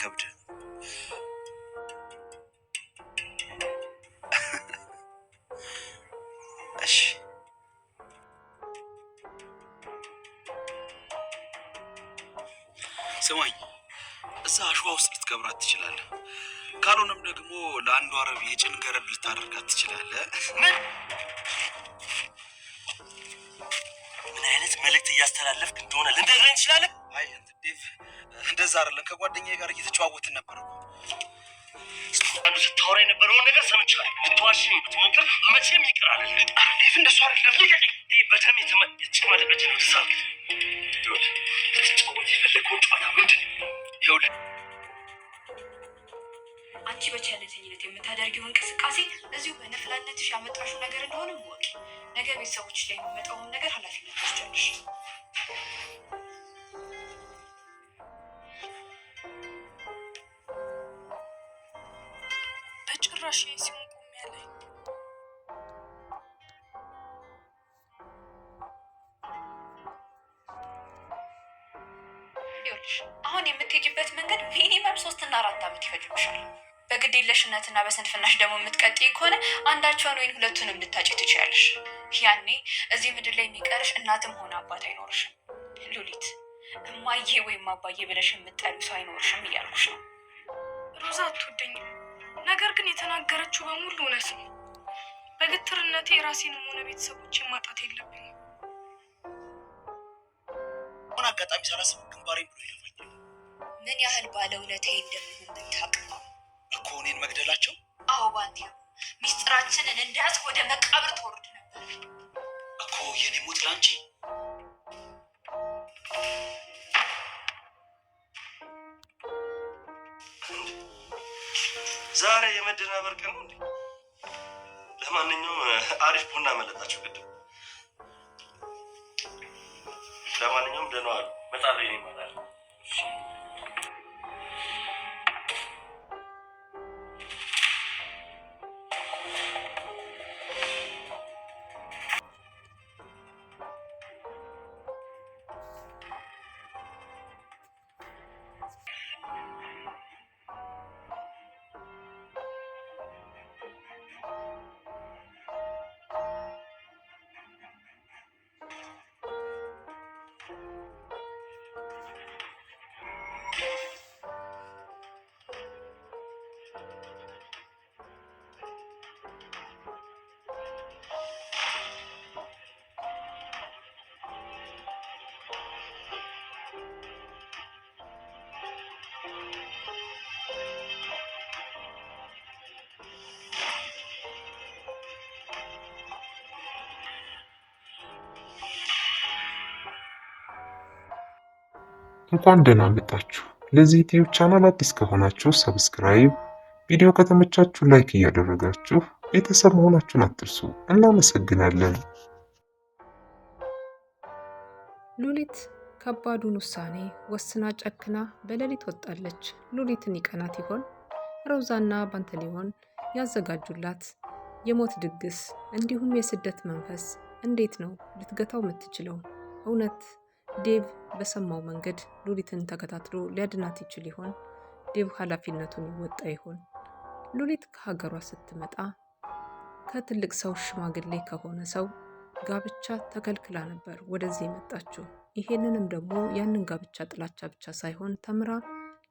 አይከብድ። እሺ ስማኝ፣ እዛ አሸዋ ውስጥ ልትቀብራት ትችላለህ። ካልሆነም ደግሞ ለአንዱ አረብ የጭን ገረድ ልታደርጋት ትችላለህ። ምን አይነት መልእክት እያስተላለፍክ እንደሆነ ልንደግረኝ ትችላለህ። አይ እንትን ዴቭ እንደዛ አይደለም። ከጓደኛዬ ጋር እየተጨዋወትን ነበር እኮ ስታወራ የነበረውን ነገር ሰምቻለሁ። ልትዋሽ ብትሞክር መቼም ይቅር አለል። አሪፍ እንደሱ አይደለም። በደም የተጨመረበት ነው። ትሳ ልትጫወት የፈለገውን ጨዋታ ምንድን ነው? አንቺ በቸልተኝነት የምታደርጊው እንቅስቃሴ እዚሁ በነፍላነትሽ ያመጣሽው ነገር እንደሆነ ወቂ። ነገ ቤተሰቦች ላይ የሚመጣውን ነገር ኃላፊነት ትወስጃለሽ። ጭራሽ ሲሆን ቆሜ ያለኝ አሁን የምትሄጂበት መንገድ ሚኒመም ሶስትና አራት ዓመት ይፈጅብሻል። በግዴለሽነትና በስንፍናሽ ደግሞ የምትቀጥይ ከሆነ አንዳቸውን ወይም ሁለቱን ልታጭ ትችያለሽ። ያኔ እዚህ ምድር ላይ የሚቀርሽ እናትም ሆነ አባት አይኖርሽም። ሉሊት እማዬ ወይም አባዬ ብለሽ የምጠሪው ሰው አይኖርሽም እያልኩሽ ነው። ሮዛ አትወደኝም ነገር ግን የተናገረችው በሙሉ እውነት ነው። በግትርነቴ የራሴንም ሆነ ቤተሰቦቼን ማጣት የለብኝም። ሆን አጋጣሚ ሳላስብ ግንባሬ ብሎ ይለፋኝ። ምን ያህል ባለ እውነታዬ እንደምሆን ብታውቅ እኮ እኔን መግደላቸው። አዎ ባንቴ፣ ሚስጥራችንን እንዳያዝ ወደ መቃብር ተወርድ ነበር እኮ የኔ ሞት ለአንቺ ዛሬ የመደናበር ቀን ነው እንዴ? ለማንኛውም አሪፍ ቡና መለጣችሁ ግድ ለማንኛውም ደህና ዋሉ። መጣ ይማላል። እንኳን ደህና መጣችሁ። ለዚህ ዩቲዩብ ቻናል አዲስ ከሆናችሁ ሰብስክራይብ፣ ቪዲዮ ከተመቻችሁ ላይክ እያደረጋችሁ ቤተሰብ መሆናችሁን አትርሱ። እናመሰግናለን። ሉሊት ከባዱን ውሳኔ ወስና ጨክና በሌሊት ወጣለች። ሉሊትን ይቀናት ይሆን? ሮዛና ባንተሊዮን ያዘጋጁላት የሞት ድግስ እንዲሁም የስደት መንፈስ እንዴት ነው ልትገታው የምትችለው? እውነት ዴቭ በሰማው መንገድ ሉሊትን ተከታትሎ ሊያድናት ይችል ይሆን? ዴቭ ኃላፊነቱን ይወጣ ይሆን? ሉሊት ከሀገሯ ስትመጣ ከትልቅ ሰው ሽማግሌ ከሆነ ሰው ጋብቻ ተከልክላ ነበር ወደዚህ የመጣችው። ይሄንንም ደግሞ ያንን ጋብቻ ጥላቻ ብቻ ሳይሆን ተምራ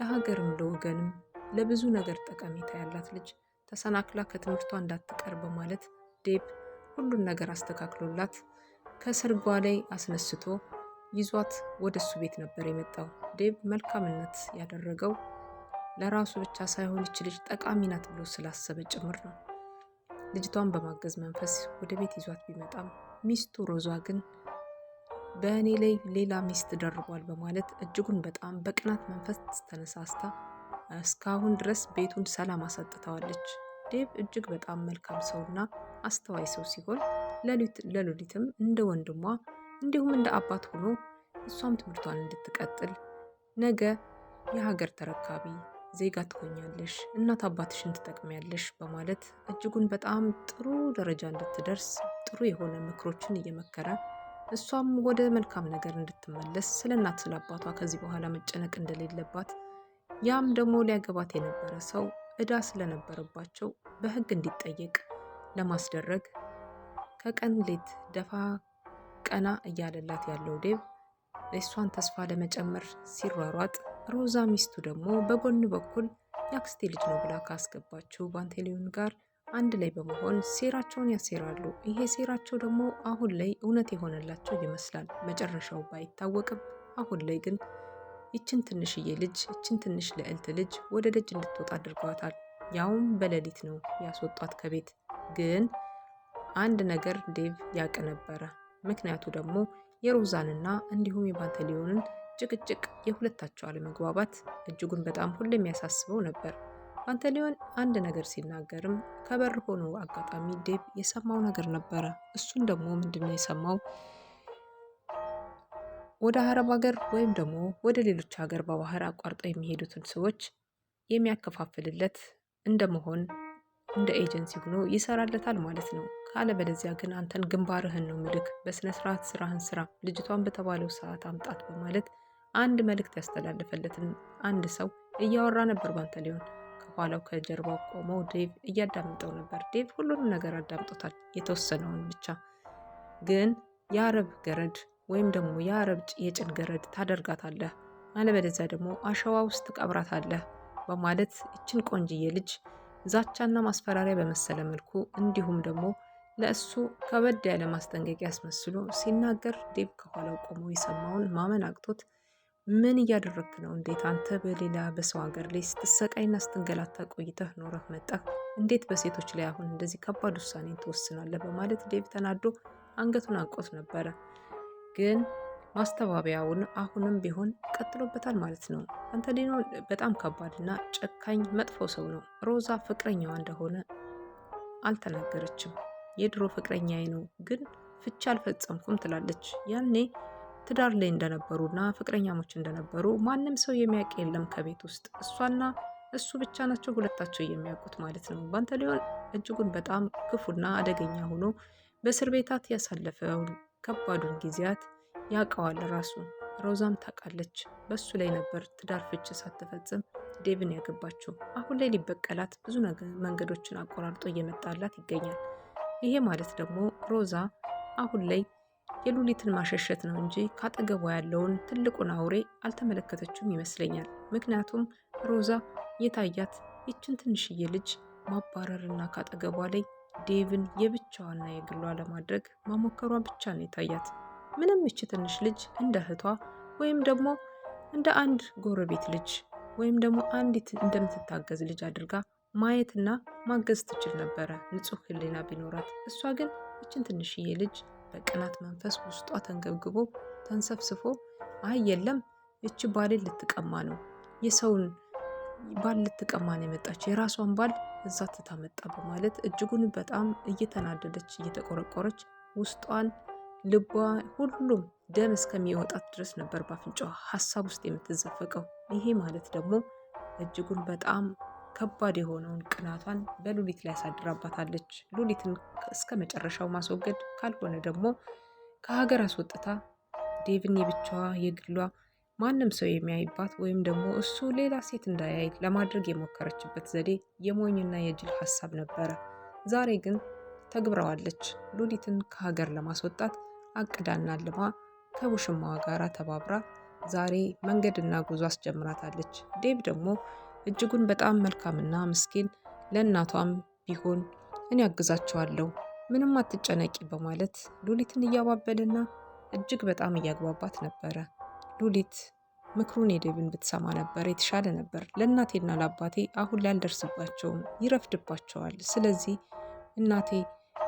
ለሀገርም ለወገንም ለብዙ ነገር ጠቀሜታ ያላት ልጅ ተሰናክላ ከትምህርቷ እንዳትቀር በማለት ዴብ ሁሉን ነገር አስተካክሎላት ከሰርጓ ላይ አስነስቶ ይዟት ወደ እሱ ቤት ነበር የመጣው። ዴብ መልካምነት ያደረገው ለራሱ ብቻ ሳይሆን ይች ልጅ ጠቃሚ ናት ብሎ ስላሰበ ጭምር ነው። ልጅቷን በማገዝ መንፈስ ወደ ቤት ይዟት ቢመጣም ሚስቱ ሮዟ ግን በእኔ ላይ ሌላ ሚስት ደርቧል በማለት እጅጉን በጣም በቅናት መንፈስ ተነሳስታ እስካሁን ድረስ ቤቱን ሰላም አሳጥተዋለች። ዴብ እጅግ በጣም መልካም ሰውና አስተዋይ ሰው ሲሆን ለሉሊትም እንደ ወንድሟ እንዲሁም እንደ አባት ሆኖ እሷም ትምህርቷን እንድትቀጥል ነገ የሀገር ተረካቢ ዜጋ ትሆኛለሽ፣ እናት አባትሽን ትጠቅሚያለሽ በማለት እጅጉን በጣም ጥሩ ደረጃ እንድትደርስ ጥሩ የሆነ ምክሮችን እየመከረ እሷም ወደ መልካም ነገር እንድትመለስ ስለ እናት ስለ አባቷ ከዚህ በኋላ መጨነቅ እንደሌለባት ያም ደግሞ ሊያገባት የነበረ ሰው እዳ ስለነበረባቸው በሕግ እንዲጠየቅ ለማስደረግ ከቀን ሌት ደፋ ቀና እያለላት ያለው ዴቭ እሷን ተስፋ ለመጨመር ሲሯሯጥ፣ ሮዛ ሚስቱ ደግሞ በጎን በኩል የአክስቴ ልጅ ነው ብላ ካስገባችው ባንቴሊዮን ጋር አንድ ላይ በመሆን ሴራቸውን ያሴራሉ። ይሄ ሴራቸው ደግሞ አሁን ላይ እውነት የሆነላቸው ይመስላል። መጨረሻው ባይታወቅም አሁን ላይ ግን ይችን ትንሽዬ ልጅ ይችን ትንሽ ልዕልት ልጅ ወደ ደጅ እንድትወጣ አድርገዋታል። ያውም በሌሊት ነው ያስወጧት ከቤት። ግን አንድ ነገር ዴቭ ያቅ ነበረ። ምክንያቱ ደግሞ የሮዛንና እንዲሁም የባንተሊዮንን ጭቅጭቅ፣ የሁለታቸው አለመግባባት እጅጉን በጣም ሁሌ የሚያሳስበው ነበር። ባንተሊዮን አንድ ነገር ሲናገርም ከበር ሆኖ አጋጣሚ ዴብ የሰማው ነገር ነበረ። እሱን ደግሞ ምንድነው የሰማው? ወደ አረብ ሀገር ወይም ደግሞ ወደ ሌሎች ሀገር በባህር አቋርጠው የሚሄዱትን ሰዎች የሚያከፋፍልለት እንደመሆን እንደ ኤጀንሲ ሆኖ ይሰራለታል ማለት ነው። አለበለዚያ ግን አንተን ግንባርህን ነው ምልክ፣ በስነ ስርዓት ስራህን ስራ፣ ልጅቷን በተባለው ሰዓት አምጣት በማለት አንድ መልእክት ያስተላለፈለትን አንድ ሰው እያወራ ነበር ሊሆን ከኋላው ከጀርባው ቆመው ዴቭ እያዳምጠው ነበር። ዴቭ ሁሉንም ነገር አዳምጦታል፣ የተወሰነውን ብቻ። ግን የአረብ ገረድ ወይም ደግሞ የአረብ የጭን ገረድ ታደርጋታለህ፣ አለበለዚያ ደግሞ አሸዋ ውስጥ አለ በማለት ይችን ቆንጅዬ ልጅ ዛቻና ማስፈራሪያ በመሰለ መልኩ እንዲሁም ደግሞ ለእሱ ከበድ ያለ ማስጠንቀቂያ አስመስሎ ሲናገር ዴብ ከኋላው ቆሞ የሰማውን ማመን አቅቶት ምን እያደረግክ ነው? እንዴት አንተ በሌላ በሰው ሀገር ላይ ስትሰቃይና ስትንገላታ ቆይተህ ኖረህ መጣ፣ እንዴት በሴቶች ላይ አሁን እንደዚህ ከባድ ውሳኔን ትወስናለህ? በማለት ዴብ ተናዶ አንገቱን አንቆት ነበረ። ግን ማስተባበያውን አሁንም ቢሆን ቀጥሎበታል ማለት ነው። አንተ ሊኖ በጣም ከባድና ጨካኝ መጥፎ ሰው ነው። ሮዛ ፍቅረኛዋ እንደሆነ አልተናገረችም። የድሮ ፍቅረኛዬ ነው ግን ፍቻ አልፈጸምኩም ትላለች። ያኔ ትዳር ላይ እንደነበሩና ፍቅረኛሞች እንደነበሩ ማንም ሰው የሚያውቅ የለም ከቤት ውስጥ እሷና እሱ ብቻ ናቸው ሁለታቸው የሚያውቁት ማለት ነው። ሊሆን እጅጉን በጣም ክፉና አደገኛ ሆኖ በእስር ቤታት ያሳለፈው ከባዱን ጊዜያት ያውቀዋል ራሱ። ሮዛም ታውቃለች። በሱ ላይ ነበር ትዳር ፍች ሳትፈጽም ዴቭን ያገባችው። አሁን ላይ ሊበቀላት ብዙ መንገዶችን አቆራርጦ እየመጣላት ይገኛል። ይሄ ማለት ደግሞ ሮዛ አሁን ላይ የሉሊትን ማሸሸት ነው እንጂ ካጠገቧ ያለውን ትልቁን አውሬ አልተመለከተችም ይመስለኛል። ምክንያቱም ሮዛ የታያት ይችን ትንሽዬ ልጅ ማባረርና ካጠገቧ ላይ ዴቭን የብቻዋና የግሏ ለማድረግ ማሞከሯ ብቻ ነው የታያት። ምንም ይች ትንሽ ልጅ እንደ እህቷ ወይም ደግሞ እንደ አንድ ጎረቤት ልጅ ወይም ደግሞ አንዲት እንደምትታገዝ ልጅ አድርጋ ማየትና ማገዝ ትችል ነበረ ንጹህ ህሊና ቢኖራት። እሷ ግን እችን ትንሽዬ ልጅ በቅናት መንፈስ ውስጧ ተንገብግቦ ተንሰፍስፎ አይ የለም እች ባሌን ልትቀማ ነው የሰውን ባል ልትቀማ ነው የመጣች የራሷን ባል እዛ ትታመጣ በማለት እጅጉን በጣም እየተናደደች እየተቆረቆረች ውስጧን ልቧ ሁሉም ደም እስከሚወጣት ድረስ ነበር በአፍንጫዋ ሀሳብ ውስጥ የምትዘፈቀው። ይሄ ማለት ደግሞ እጅጉን በጣም ከባድ የሆነውን ቅናቷን በሉሊት ላይ ያሳድራባታለች። ሉሊትን እስከ መጨረሻው ማስወገድ ካልሆነ ደግሞ ከሀገር አስወጥታ ዴቭን የብቻዋ የግሏ ማንም ሰው የሚያይባት ወይም ደግሞ እሱ ሌላ ሴት እንዳያይ ለማድረግ የሞከረችበት ዘዴ የሞኝና የጅል ሀሳብ ነበረ። ዛሬ ግን ተግብረዋለች። ሉሊትን ከሀገር ለማስወጣት አቅዳና ልማ ከውሽማዋ ጋር ተባብራ ዛሬ መንገድና ጉዞ አስጀምራታለች። ዴቭ ደግሞ እጅጉን በጣም መልካምና ምስኪን፣ ለእናቷም ቢሆን እኔ አግዛቸዋለሁ ምንም አትጨነቂ በማለት ሉሊትን እያባበልና እጅግ በጣም እያግባባት ነበረ። ሉሊት ምክሩን የደብን ብትሰማ ነበር የተሻለ ነበር። ለእናቴና ለአባቴ አሁን ላልደርስባቸውም ይረፍድባቸዋል። ስለዚህ እናቴ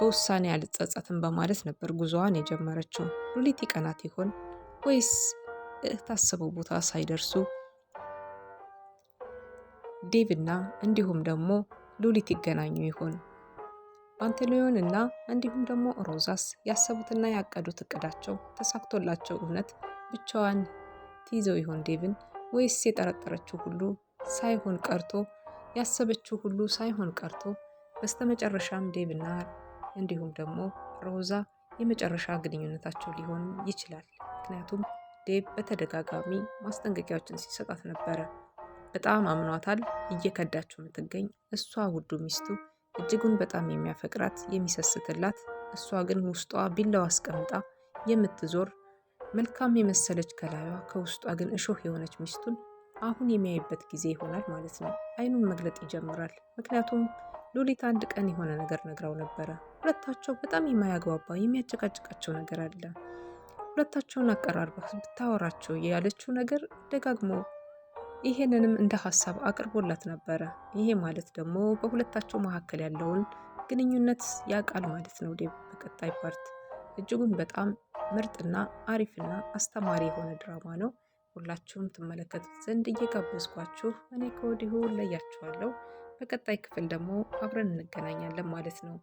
በውሳኔ አልጸጸትም በማለት ነበር ጉዞዋን የጀመረችው። ሉሊት ይቀናት ይሆን ወይስ ታሰበው ቦታ ሳይደርሱ ዴቭ እንዲሁም ደግሞ ሉሊት ይገናኙ ይሆን? ፓንቴሊዮን እና እንዲሁም ደግሞ ሮዛስ ያሰቡትና ያቀዱት እቅዳቸው ተሳክቶላቸው እውነት ብቻዋን ትይዘው ይሆን ዴቭን? ወይስ የጠረጠረችው ሁሉ ሳይሆን ቀርቶ ያሰበችው ሁሉ ሳይሆን ቀርቶ በስተመጨረሻም ዴቭና እንዲሁም ደግሞ ሮዛ የመጨረሻ ግንኙነታቸው ሊሆን ይችላል። ምክንያቱም ዴቭ በተደጋጋሚ ማስጠንቀቂያዎችን ሲሰጣት ነበረ። በጣም አምኗታል። እየከዳችው የምትገኝ እሷ ውዱ ሚስቱ እጅጉን በጣም የሚያፈቅራት የሚሰስትላት፣ እሷ ግን ውስጧ ቢላዋ አስቀምጣ የምትዞር መልካም የመሰለች ከላዩ ከውስጧ ግን እሾህ የሆነች ሚስቱን አሁን የሚያይበት ጊዜ ይሆናል ማለት ነው። አይኑን መግለጥ ይጀምራል። ምክንያቱም ሉሊት አንድ ቀን የሆነ ነገር ነግራው ነበረ። ሁለታቸው በጣም የማያግባባ የሚያጨቃጭቃቸው ነገር አለ። ሁለታቸውን አቀራርባ ብታወራቸው ያለችው ነገር ደጋግሞ ይሄንንም እንደ ሀሳብ አቅርቦላት ነበረ። ይሄ ማለት ደግሞ በሁለታቸው መካከል ያለውን ግንኙነት ያውቃል ማለት ነው። ዴቭ በቀጣይ ፓርት እጅጉን በጣም ምርጥና አሪፍና አስተማሪ የሆነ ድራማ ነው። ሁላችሁም ትመለከቱት ዘንድ እየጋበዝኳችሁ እኔ ከወዲሁ ለያችኋለሁ። በቀጣይ ክፍል ደግሞ አብረን እንገናኛለን ማለት ነው።